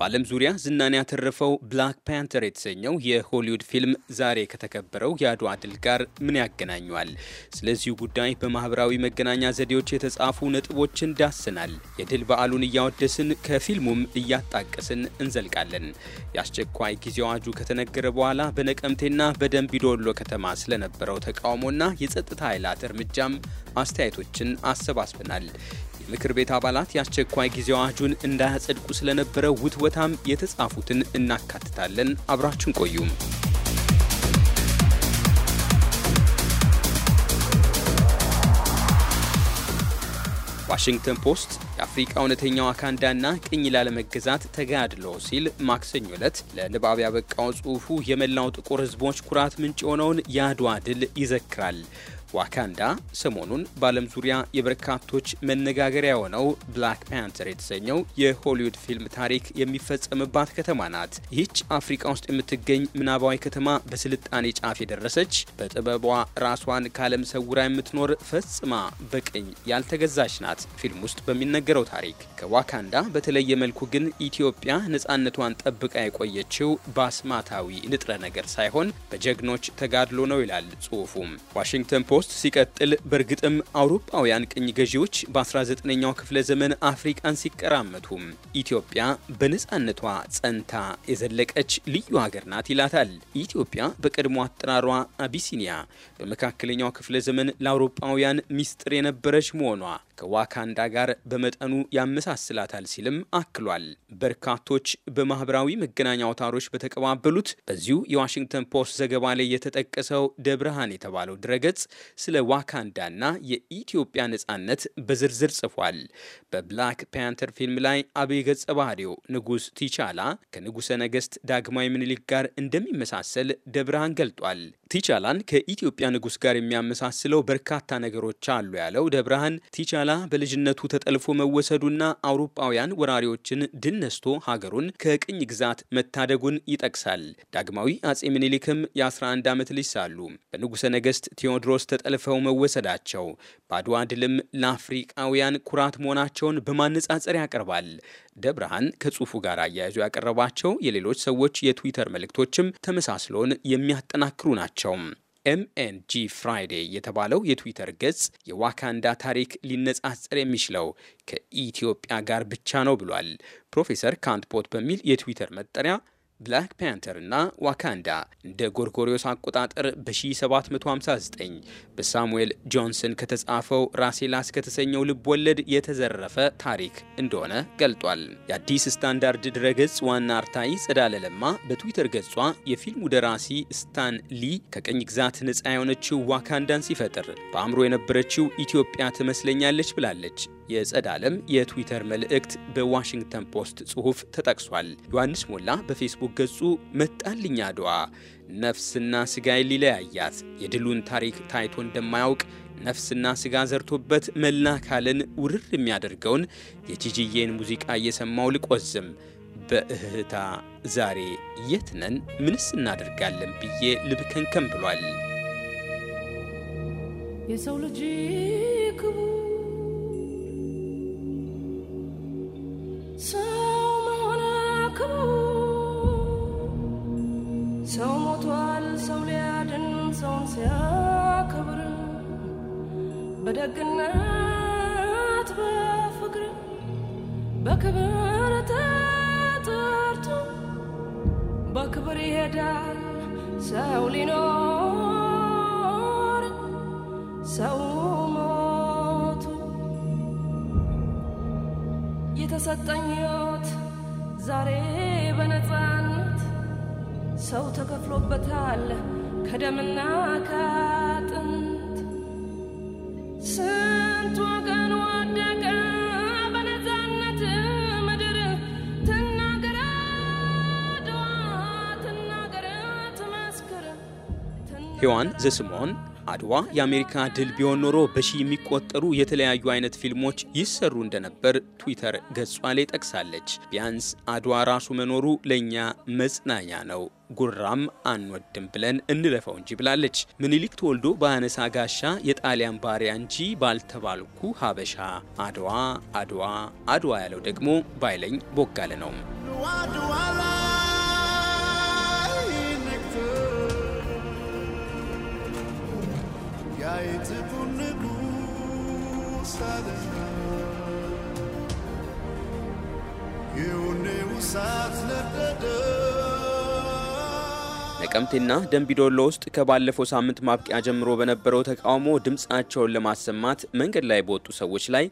በዓለም ዙሪያ ዝናን ያተረፈው ብላክ ፓንተር የተሰኘው የሆሊውድ ፊልም ዛሬ ከተከበረው የአድዋ ድል ጋር ምን ያገናኘዋል? ስለዚሁ ጉዳይ በማህበራዊ መገናኛ ዘዴዎች የተጻፉ ነጥቦችን ዳስናል። የድል በዓሉን እያወደስን ከፊልሙም እያጣቀስን እንዘልቃለን። የአስቸኳይ ጊዜ አዋጁ ከተነገረ በኋላ በነቀምቴና በደንቢዶሎ ከተማ ስለነበረው ተቃውሞና የጸጥታ ኃይላት እርምጃም አስተያየቶችን አሰባስበናል። ምክር ቤት አባላት የአስቸኳይ ጊዜ አዋጁን እንዳያጸድቁ ስለነበረ ውትወታም የተጻፉትን እናካትታለን። አብራችን ቆዩም። ዋሽንግተን ፖስት የአፍሪቃ እውነተኛዋ ካንዳና ቅኝ ላለመገዛት ተጋድሎ ሲል ማክሰኞ ዕለት ለንባብ ያበቃው ጽሑፉ የመላው ጥቁር ሕዝቦች ኩራት ምንጭ የሆነውን የአድዋ ድል ይዘክራል። ዋካንዳ ሰሞኑን በዓለም ዙሪያ የበርካቶች መነጋገሪያ የሆነው ብላክ ፓንተር የተሰኘው የሆሊውድ ፊልም ታሪክ የሚፈጸምባት ከተማ ናት። ይህች አፍሪካ ውስጥ የምትገኝ ምናባዊ ከተማ በስልጣኔ ጫፍ የደረሰች በጥበቧ ራሷን ከዓለም ሰውራ የምትኖር ፈጽማ በቅኝ ያልተገዛች ናት። ፊልም ውስጥ በሚነገረው ታሪክ ከዋካንዳ በተለየ መልኩ ግን ኢትዮጵያ ነፃነቷን ጠብቃ የቆየችው ባስማታዊ ንጥረ ነገር ሳይሆን በጀግኖች ተጋድሎ ነው ይላል ጽሁፉም ዋሽንግተን ፖስት ውስጥ ሲቀጥል በእርግጥም አውሮፓውያን ቅኝ ገዢዎች በ19ኛው ክፍለ ዘመን አፍሪቃን ሲቀራመቱ ኢትዮጵያ በነፃነቷ ጸንታ የዘለቀች ልዩ ሀገር ናት ይላታል። ኢትዮጵያ በቀድሞ አጠራሯ አቢሲኒያ በመካከለኛው ክፍለ ዘመን ለአውሮፓውያን ሚስጥር የነበረች መሆኗ ከዋካንዳ ጋር በመጠኑ ያመሳስላታል ሲልም አክሏል። በርካቶች በማህበራዊ መገናኛ አውታሮች በተቀባበሉት በዚሁ የዋሽንግተን ፖስት ዘገባ ላይ የተጠቀሰው ደብርሃን የተባለው ድረገጽ ስለ ዋካንዳና የኢትዮጵያ ነጻነት በዝርዝር ጽፏል። በብላክ ፓንተር ፊልም ላይ አብይ ገጸ ባህሪው ንጉስ ቲቻላ ከንጉሰ ነገስት ዳግማዊ ምኒልክ ጋር እንደሚመሳሰል ደብርሃን ገልጧል። ቲቻላን ከኢትዮጵያ ንጉስ ጋር የሚያመሳስለው በርካታ ነገሮች አሉ ያለው ደብርሃን ቲቻላ በኋላ በልጅነቱ ተጠልፎ መወሰዱና አውሮፓውያን ወራሪዎችን ድል ነስቶ ሀገሩን ከቅኝ ግዛት መታደጉን ይጠቅሳል። ዳግማዊ አጼ ምኒልክም የ11 ዓመት ልጅ ሳሉ በንጉሠ ነገሥት ቴዎድሮስ ተጠልፈው መወሰዳቸው በአድዋ ድልም ለአፍሪቃውያን ኩራት መሆናቸውን በማነጻጸር ያቀርባል። ደብርሃን ከጽሑፉ ጋር አያይዞ ያቀረባቸው የሌሎች ሰዎች የትዊተር መልእክቶችም ተመሳስሎን የሚያጠናክሩ ናቸው። ኤምኤንጂ ፍራይዴ የተባለው የትዊተር ገጽ የዋካንዳ ታሪክ ሊነጻጸር የሚችለው ከኢትዮጵያ ጋር ብቻ ነው ብሏል። ፕሮፌሰር ካንትፖት በሚል የትዊተር መጠሪያ ብላክ ፓንተር እና ዋካንዳ እንደ ጎርጎሪዮስ አቆጣጠር በ1759 በሳሙኤል ጆንሰን ከተጻፈው ራሴላስ ከተሰኘው ልብ ወለድ የተዘረፈ ታሪክ እንደሆነ ገልጧል። የአዲስ ስታንዳርድ ድረገጽ ዋና አርታይ ጸዳለ ለማ በትዊተር ገጿ የፊልሙ ደራሲ ስታን ሊ ከቅኝ ግዛት ነፃ የሆነችው ዋካንዳን ሲፈጥር በአእምሮ የነበረችው ኢትዮጵያ ትመስለኛለች ብላለች። የጸዳለም የትዊተር መልእክት በዋሽንግተን ፖስት ጽሑፍ ተጠቅሷል። ዮሐንስ ሞላ በፌስቡክ በፌስቡክ ገጹ መጣልኝ አድዋ ነፍስና ስጋ ሊለያያት የድሉን ታሪክ ታይቶ እንደማያውቅ ነፍስና ስጋ ዘርቶበት መላ ውርር የሚያደርገውን የጂጂዬን ሙዚቃ እየሰማው ልቆዝም በእህታ ዛሬ የትነን ምንስ እናደርጋለን ብዬ ልብከንከም ብሏል የሰው ልጅ ክቡ ደግነት በፍቅር በክብር ተጠርቶ በክብር ይሄዳል ሰው ሊኖር ሰው ሞቱ የተሰጠኝ ሕይወት ዛሬ በነፃነት ሰው ተከፍሎበታል ከደምና ካጥን ሔዋን ዘስምዖን አድዋ የአሜሪካ ድል ቢሆን ኖሮ በሺ የሚቆጠሩ የተለያዩ አይነት ፊልሞች ይሰሩ እንደነበር ትዊተር ገጿ ላይ ጠቅሳለች። ቢያንስ አድዋ ራሱ መኖሩ ለእኛ መጽናኛ ነው፣ ጉራም አንወድም ብለን እንለፈው እንጂ ብላለች። ምኒልክ ተወልዶ በአነሳ ጋሻ የጣሊያን ባሪያ እንጂ ባልተባልኩ ሀበሻ፣ አድዋ አድዋ አድዋ ያለው ደግሞ ባይለኝ ቦጋለ ነው። ነቀምቴና ደንቢዶሎ ውስጥ ከባለፈው ሳምንት ማብቂያ ጀምሮ በነበረው ተቃውሞ ድምፃቸውን ለማሰማት መንገድ ላይ በወጡ ሰዎች ላይ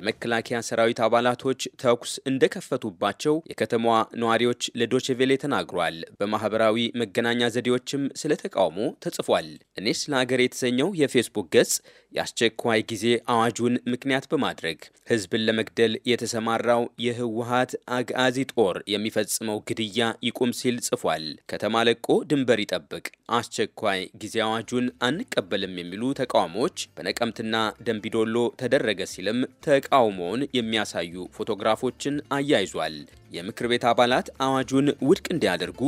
የመከላከያ ሰራዊት አባላቶች ተኩስ እንደከፈቱባቸው የከተማዋ ነዋሪዎች ለዶችቬሌ ተናግሯል። በማህበራዊ መገናኛ ዘዴዎችም ስለ ተቃውሞ ተጽፏል። እኔስ ስለ ሀገር የተሰኘው የፌስቡክ ገጽ የአስቸኳይ ጊዜ አዋጁን ምክንያት በማድረግ ህዝብን ለመግደል የተሰማራው የህወሀት አጋዚ ጦር የሚፈጽመው ግድያ ይቁም ሲል ጽፏል። ከተማ ለቆ ድንበር ይጠብቅ፣ አስቸኳይ ጊዜ አዋጁን አንቀበልም የሚሉ ተቃውሞዎች በነቀምትና ደንቢዶሎ ተደረገ ሲልም ተ ተቃውሞውን የሚያሳዩ ፎቶግራፎችን አያይዟል። የምክር ቤት አባላት አዋጁን ውድቅ እንዲያደርጉ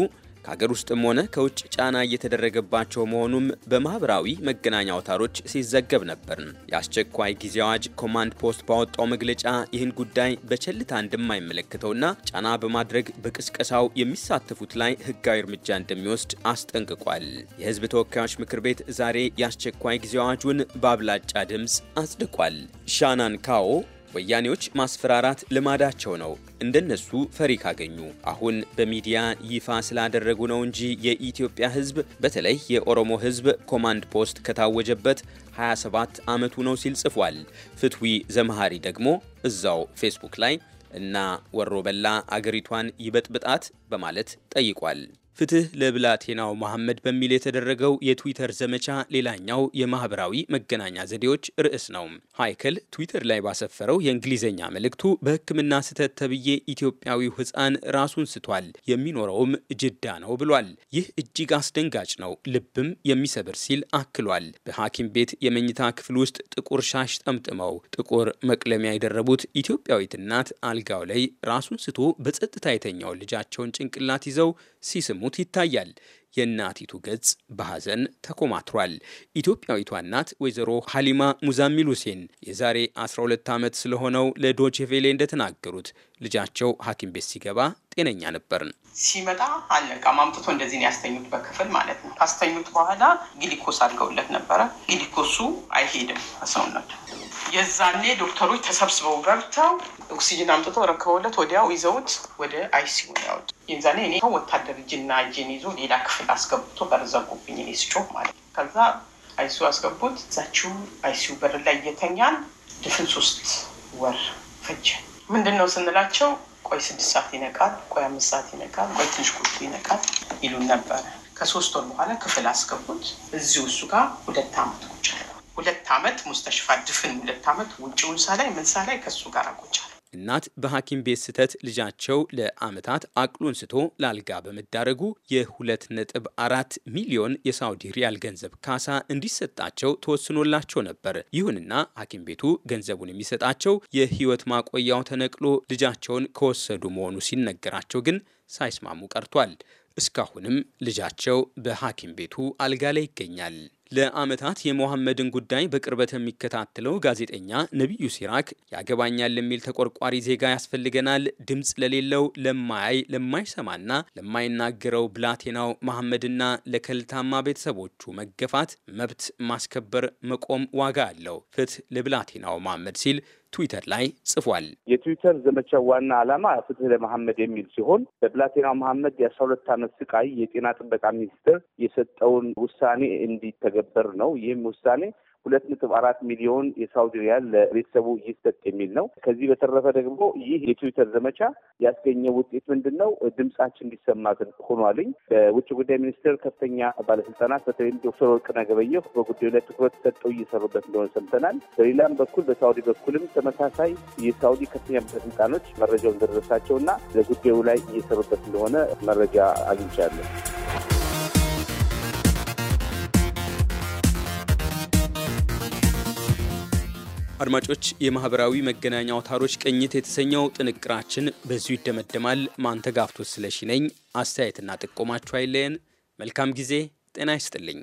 ከሀገር ውስጥም ሆነ ከውጭ ጫና እየተደረገባቸው መሆኑም በማህበራዊ መገናኛ አውታሮች ሲዘገብ ነበር። የአስቸኳይ ጊዜ አዋጅ ኮማንድ ፖስት ባወጣው መግለጫ ይህን ጉዳይ በቸልታ እንደማይመለከተውና ጫና በማድረግ በቅስቀሳው የሚሳተፉት ላይ ህጋዊ እርምጃ እንደሚወስድ አስጠንቅቋል። የህዝብ ተወካዮች ምክር ቤት ዛሬ የአስቸኳይ ጊዜ አዋጁን በአብላጫ ድምፅ አጽድቋል። ሻናን ካዎ ወያኔዎች ማስፈራራት ልማዳቸው ነው። እንደነሱ ፈሪ ካገኙ አሁን በሚዲያ ይፋ ስላደረጉ ነው እንጂ የኢትዮጵያ ሕዝብ በተለይ የኦሮሞ ሕዝብ ኮማንድ ፖስት ከታወጀበት 27 ዓመቱ ነው ሲል ጽፏል። ፍትዊ ዘመሃሪ ደግሞ እዛው ፌስቡክ ላይ እና ወሮ በላ አገሪቷን ይበጥብጣት በማለት ጠይቋል። ፍትህ ለብላቴናው መሐመድ በሚል የተደረገው የትዊተር ዘመቻ ሌላኛው የማህበራዊ መገናኛ ዘዴዎች ርዕስ ነው። ሃይከል ትዊተር ላይ ባሰፈረው የእንግሊዝኛ መልእክቱ በሕክምና ስህተት ተብዬ ኢትዮጵያዊው ሕፃን ራሱን ስቷል፣ የሚኖረውም ጅዳ ነው ብሏል። ይህ እጅግ አስደንጋጭ ነው፣ ልብም የሚሰብር ሲል አክሏል። በሐኪም ቤት የመኝታ ክፍል ውስጥ ጥቁር ሻሽ ጠምጥመው ጥቁር መቅለሚያ የደረቡት ኢትዮጵያዊት እናት አልጋው ላይ ራሱን ስቶ በጸጥታ የተኛው ልጃቸውን ጭንቅላት ይዘው ሲስሙ ሲያስቀድሙት ይታያል። የእናቲቱ ገጽ በሐዘን ተኮማትሯል። ኢትዮጵያዊቷ እናት ወይዘሮ ሀሊማ ሙዛሚል ሁሴን የዛሬ 12 ዓመት ስለሆነው ለዶቼ ቬሌ እንደተናገሩት ልጃቸው ሐኪም ቤት ሲገባ ጤነኛ ነበርን። ሲመጣ አልነቃም። አምጥቶ እንደዚህ ነው ያስተኙት በክፍል ማለት ነው። ካስተኙት በኋላ ግሊኮስ አድርገውለት ነበረ። ግሊኮሱ አይሄድም ሰውነቱ። የዛኔ ዶክተሮች ተሰብስበው ገብተው ኦክሲጅን አምጥቶ ረክበውለት ወዲያው ይዘውት ወደ አይሲዩ ያወጡ። የዛኔ እኔ ወታደር እጅና እጅን ይዞ ሌላ ክፍል አስገብቶ በርዘጉብኝ እኔ ስጮህ ማለት ነው። ከዛ አይሲዩ አስገቡት። እዛችው አይሲዩ በር ላይ እየተኛን ድፍን ሶስት ወር ፈጀ። ምንድን ነው ስንላቸው ቆይ ስድስት ሰዓት ይነቃል፣ ቆይ አምስት ሰዓት ይነቃል፣ ቆይ ትንሽ ቁጭ ይነቃል ይሉን ነበረ። ከሶስት ወር በኋላ ክፍል አስገቡት። እዚሁ እሱ ጋር ሁለት ዓመት ቁጭ ሁለት ዓመት ሙስተሽፋ ድፍን ሁለት ዓመት ውጭውን ሳ ላይ ምንሳ ላይ ከእሱ ጋር አቆጫል። እናት በሐኪም ቤት ስህተት ልጃቸው ለአመታት አቅሉን ስቶ ላልጋ በመዳረጉ የሁለት ነጥብ አራት ሚሊዮን የሳውዲ ሪያል ገንዘብ ካሳ እንዲሰጣቸው ተወስኖላቸው ነበር። ይሁንና ሐኪም ቤቱ ገንዘቡን የሚሰጣቸው የህይወት ማቆያው ተነቅሎ ልጃቸውን ከወሰዱ መሆኑ ሲነገራቸው ግን ሳይስማሙ ቀርቷል። እስካሁንም ልጃቸው በሐኪም ቤቱ አልጋ ላይ ይገኛል። ለአመታት የሞሐመድን ጉዳይ በቅርበት የሚከታተለው ጋዜጠኛ ነቢዩ ሲራክ ያገባኛል የሚል ተቆርቋሪ ዜጋ ያስፈልገናል፣ ድምፅ ለሌለው ለማያይ ለማይሰማና ለማይናገረው ብላቴናው መሐመድና ለከልታማ ቤተሰቦቹ መገፋት መብት ማስከበር መቆም ዋጋ አለው፣ ፍትህ ለብላቴናው መሐመድ ሲል ትዊተር ላይ ጽፏል። የትዊተር ዘመቻ ዋና ዓላማ ፍትህ ለመሐመድ የሚል ሲሆን በብላቴናው መሐመድ የአስራ ሁለት ዓመት ስቃይ የጤና ጥበቃ ሚኒስቴር የሰጠውን ውሳኔ እንዲተገበር ነው። ይህም ውሳኔ ሁለት ነጥብ አራት ሚሊዮን የሳውዲ ሪያል ለቤተሰቡ ይሰጥ የሚል ነው። ከዚህ በተረፈ ደግሞ ይህ የትዊተር ዘመቻ ያስገኘው ውጤት ምንድን ነው? ድምጻችን እንዲሰማ ሆኗልኝ። በውጭ ጉዳይ ሚኒስቴር ከፍተኛ ባለስልጣናት በተለይም ዶክተር ወርቅነህ ገበየሁ በጉዳዩ ላይ ትኩረት ሰጠው እየሰሩበት እንደሆነ ሰምተናል። በሌላም በኩል በሳውዲ በኩልም ተመሳሳይ የሳውዲ ከፍተኛ ባለስልጣኖች መረጃው እንደደረሳቸውና ለጉዳዩ ላይ እየሰሩበት እንደሆነ መረጃ አግኝቻለሁ። አድማጮች፣ የማህበራዊ መገናኛ አውታሮች ቅኝት የተሰኘው ጥንቅራችን በዚሁ ይደመደማል። ማንተጋፍቶት ስለሺ ነኝ። አስተያየትና ጥቆማችሁ አይለየን። መልካም ጊዜ። ጤና ይስጥልኝ።